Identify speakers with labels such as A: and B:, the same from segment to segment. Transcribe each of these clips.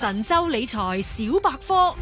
A: 神州理財小百科。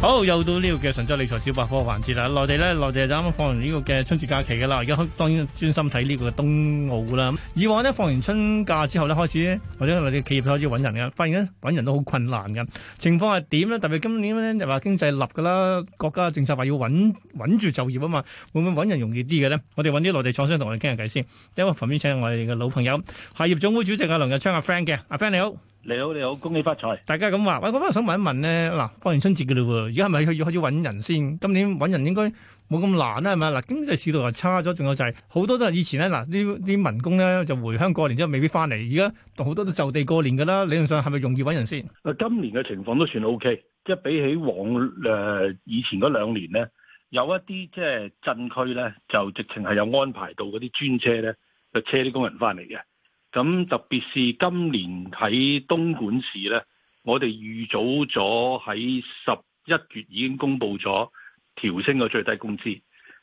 A: 好，又到呢個嘅神州理財小百科環節啦，內地咧內地就啱啱放完呢個嘅春節假期噶啦，而家當當然專心睇呢個冬奧啦。以往呢，放完春假之後咧開始，或者內地企業開始揾人嘅，發現咧揾人都好困難嘅。情況係點咧？特別今年咧就話經濟立噶啦，國家政策話要穩穩住就業啊嘛，會唔會揾人容易啲嘅咧？我哋揾啲內地廠商同我哋傾下偈先。喺旁邊請我哋嘅老朋友，鞋業總會主席阿梁日昌阿 friend 嘅，阿 friend 你好。你好，你好，恭喜發財！大家咁話，我今日想問一問咧，嗱過完春節嘅嘞，而家係咪要開始揾人先？今年揾人應該冇咁難啦，係咪嗱，經濟市道又差咗，仲有就係、是、好多都係以前咧，嗱啲啲民工咧就回鄉過年之後未必翻嚟，而家好多都就地過年㗎啦。理論上係咪容易揾人先？
B: 今年嘅情況都算 O、OK, K，即係比起往誒以前嗰兩年咧，有一啲即係鎮區咧就直情係有安排到嗰啲專車咧就車啲工人翻嚟嘅。咁特別是今年喺東莞市呢，我哋預早咗喺十一月已經公布咗調升嘅最低工資。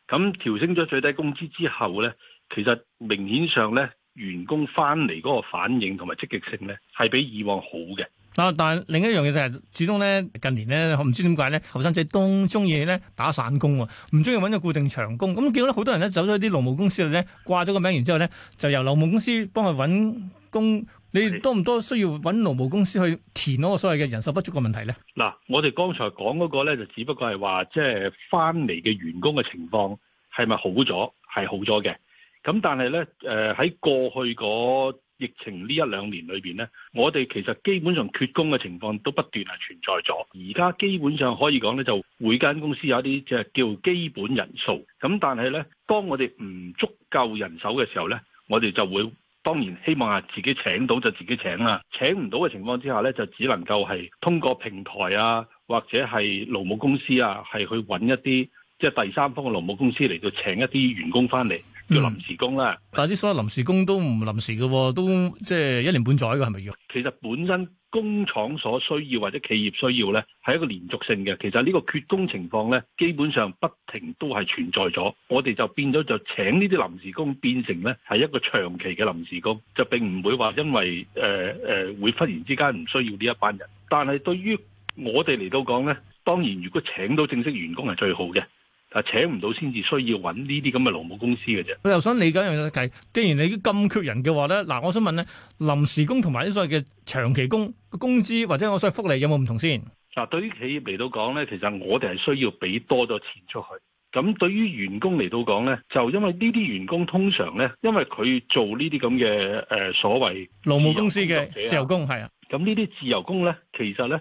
B: 咁調升咗最低工資之後呢，其實明顯上呢，員工翻嚟嗰個反應同埋積極性呢，係比以往好嘅。
A: 啊！但另一樣嘢就係，始終咧近年咧，我唔知點解咧，後生仔都中意咧打散工喎，唔中意搵個固定長工。咁見到咧，好多人咧走咗啲勞務公司度咧，掛咗個名，然之後咧就由勞務公司幫佢搵工。你多唔多需要搵勞務公司去填嗰個所謂嘅人手不足嘅問題咧？
B: 嗱、嗯，我哋剛才講嗰個咧，就只不過係話，即係翻嚟嘅員工嘅情況係咪好咗？係好咗嘅。咁但係咧，呃、喺過去嗰～疫情呢一兩年裏面呢，我哋其實基本上缺工嘅情況都不斷係存在咗。而家基本上可以講呢，就每間公司有一啲即係叫基本人數。咁但係呢，當我哋唔足夠人手嘅時候呢，我哋就會當然希望呀自己請到就自己請啦。請唔到嘅情況之下呢，就只能夠係通過平台啊，或者係勞務公司啊，係去揾一啲即係第三方嘅勞務公司嚟到請一啲員工翻嚟。叫臨時工啦、嗯，
A: 但係啲所有臨時工都唔臨時嘅，都即係、就是、一年半載㗎係咪要？
B: 其實本身工廠所需要或者企業需要呢係一個連續性嘅。其實呢個缺工情況呢，基本上不停都係存在咗。我哋就變咗就請呢啲臨時工變成呢係一個長期嘅臨時工，就並唔會話因為誒誒、呃呃、會忽然之間唔需要呢一班人。但係對於我哋嚟到講呢，當然如果請到正式員工係最好嘅。啊，請唔到先至需要揾呢啲咁嘅勞務公司嘅啫。
A: 我又想理解一樣嘢，計既然你咁缺人嘅話咧，嗱，我想問咧，臨時工同埋啲所謂嘅長期工個工資或者我所謂福利有冇唔同先？
B: 嗱，對於企業嚟到講咧，其實我哋係需要俾多咗錢出去。咁對於員工嚟到講咧，就因為呢啲員工通常咧，因為佢做呢啲咁嘅誒所謂勞務公司嘅自由工，係啊，咁呢啲自由工咧，其實咧，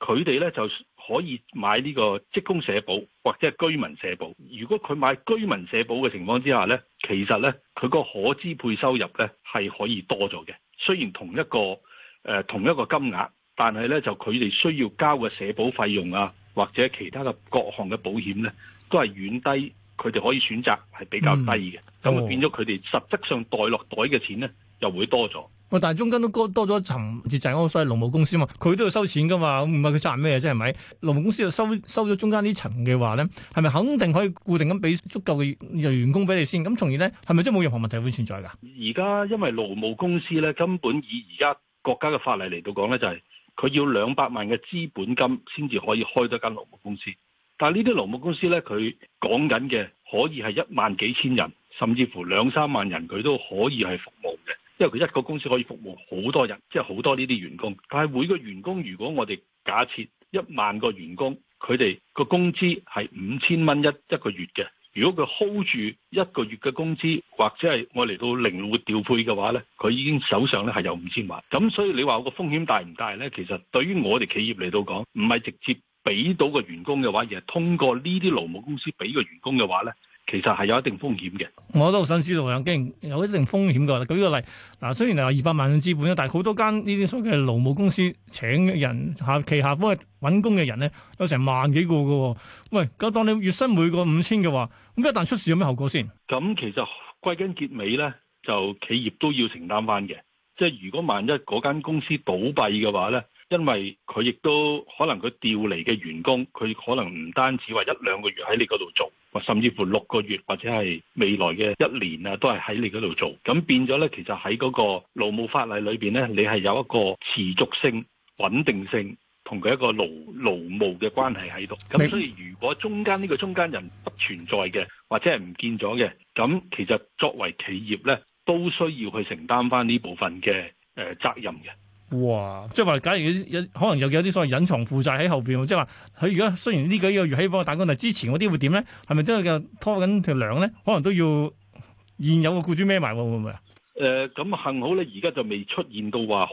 B: 佢哋咧就。可以買呢個職工社保或者係居民社保。如果佢買居民社保嘅情況之下呢，其實呢，佢個可支配收入呢係可以多咗嘅。雖然同一個、呃、同一個金額，但係呢，就佢哋需要交嘅社保費用啊，或者其他嘅各項嘅保險呢，都係遠低佢哋可以選擇係比較低嘅。咁、嗯、變咗佢哋實質上袋落袋嘅錢呢，又會多咗。
A: 但係中間都多多咗一層節制，我所以勞務公司嘛，佢都要收錢噶嘛，唔係佢賺咩嘢啫，係咪？勞務公司又收收咗中間呢層嘅話咧，係咪肯定可以固定咁俾足夠嘅員工俾你先？咁從而咧，係咪真冇任何問題會存在㗎？而
B: 家因為勞務公司咧，根本以而家國家嘅法例嚟到講咧，就係佢要兩百萬嘅資本金先至可以開多間勞務公司。但係呢啲勞務公司咧，佢講緊嘅可以係一萬幾千人，甚至乎兩三萬人，佢都可以係服務。因為佢一個公司可以服務好多人，即係好多呢啲員工。但係每個員工，如果我哋假設一萬個員工，佢哋個工資係五千蚊一一個月嘅。如果佢 hold 住一個月嘅工資，或者係我嚟到靈活調配嘅話呢，佢已經手上咧係有五千萬。咁所以你話個風險大唔大呢？其實對於我哋企業嚟到講，唔係直接俾到個員工嘅話，而係通過呢啲勞務公司俾個員工嘅話呢。其實係有一定風險嘅，
A: 我都好想知道阿京，有一定風險噶。舉個例，嗱，雖然你話二百萬嘅資本啦，但係好多間呢啲所謂勞務公司請人下旗下幫揾工嘅人咧，有成萬幾個噶。喂，咁當你月薪每個五千嘅話，咁一旦出事有咩後果先？
B: 咁其實歸根結尾咧，就企業都要承擔翻嘅。即係如果萬一嗰間公司倒閉嘅話咧。因為佢亦都可能佢調嚟嘅員工，佢可能唔單止話一兩個月喺你嗰度做，或甚至乎六個月或者係未來嘅一年啊，都係喺你嗰度做。咁變咗咧，其實喺嗰個勞務法例裏邊咧，你係有一個持續性、穩定性同佢一個勞勞務嘅關係喺度。咁所以如果中間呢個中間人不存在嘅，或者係唔見咗嘅，咁其實作為企業咧，都需要去承擔翻呢部分嘅誒責任嘅。
A: 哇！即係話，假如有可能有有啲所謂隱藏負債喺後邊，即係話佢如果雖然呢幾個月幫我打工，但係之前嗰啲會點咧？係咪真都拖緊條糧咧？可能都要現有嘅僱主孭埋會唔會啊？
B: 誒、呃，咁幸好咧，而家就未出現到話好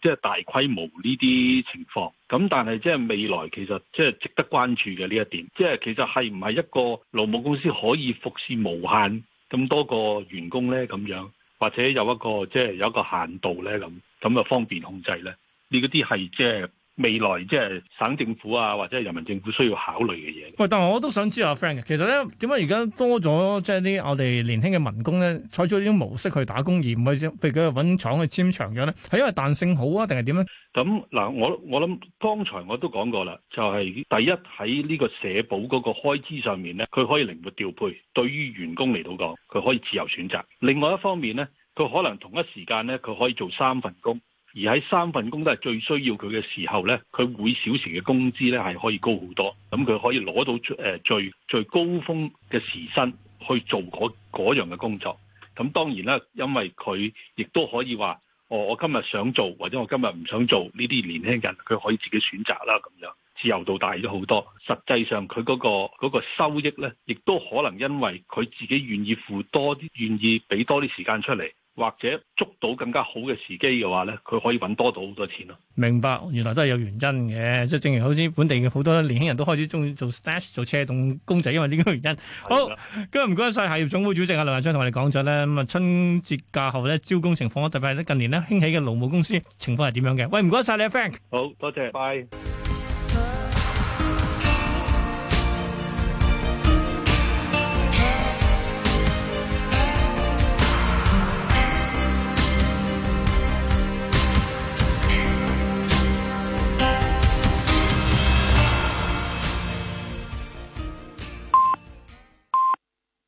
B: 即係大規模呢啲情況。咁但係即係未來其實即係值得關注嘅呢一點，即係其實係唔係一個勞務公司可以服侍無限咁多個員工咧？咁樣？或者有一個即係、就是，有一個限度咧，咁咁就方便控制咧。你嗰啲係即係。未來即係省政府啊，或者係人民政府需要考慮嘅嘢。
A: 喂，但我都想知道 Frank 嘅，其實咧點解而家多咗即係啲我哋年輕嘅民工咧採取呢種模式去打工，而唔係譬如佢揾廠去簽長約咧，係因為彈性好啊，定係點咧？
B: 咁嗱，我我諗剛才我都講過啦，就係第一喺呢個社保嗰個開支上面咧，佢可以靈活調配，對於員工嚟到講，佢可以自由選擇。另外一方面咧，佢可能同一時間咧，佢可以做三份工。而喺三份工都係最需要佢嘅時候呢，佢每小時嘅工資呢係可以高好多，咁佢可以攞到誒最最高峰嘅時薪去做嗰嗰樣嘅工作。咁當然啦，因為佢亦都可以話：我今日想做或者我今日唔想做呢啲年輕人，佢可以自己選擇啦，咁樣自由度大咗好多。實際上佢嗰個嗰個收益呢，亦都可能因為佢自己願意付多啲，願意俾多啲時間出嚟。或者捉到更加好嘅時機嘅話咧，佢可以揾多到好多錢咯。
A: 明白，原來都係有原因嘅，即係正如好似本地嘅好多年輕人都開始中意做 stash 做車動公仔，因為呢個原因。好，的今日唔該晒，鞋業總會主席啊梁日昌同我哋講咗咧，咁啊春節假後咧招工情況一對比近年咧興起嘅勞務公司情況係點樣嘅？喂，唔該晒你，Frank，
B: 好多謝，拜。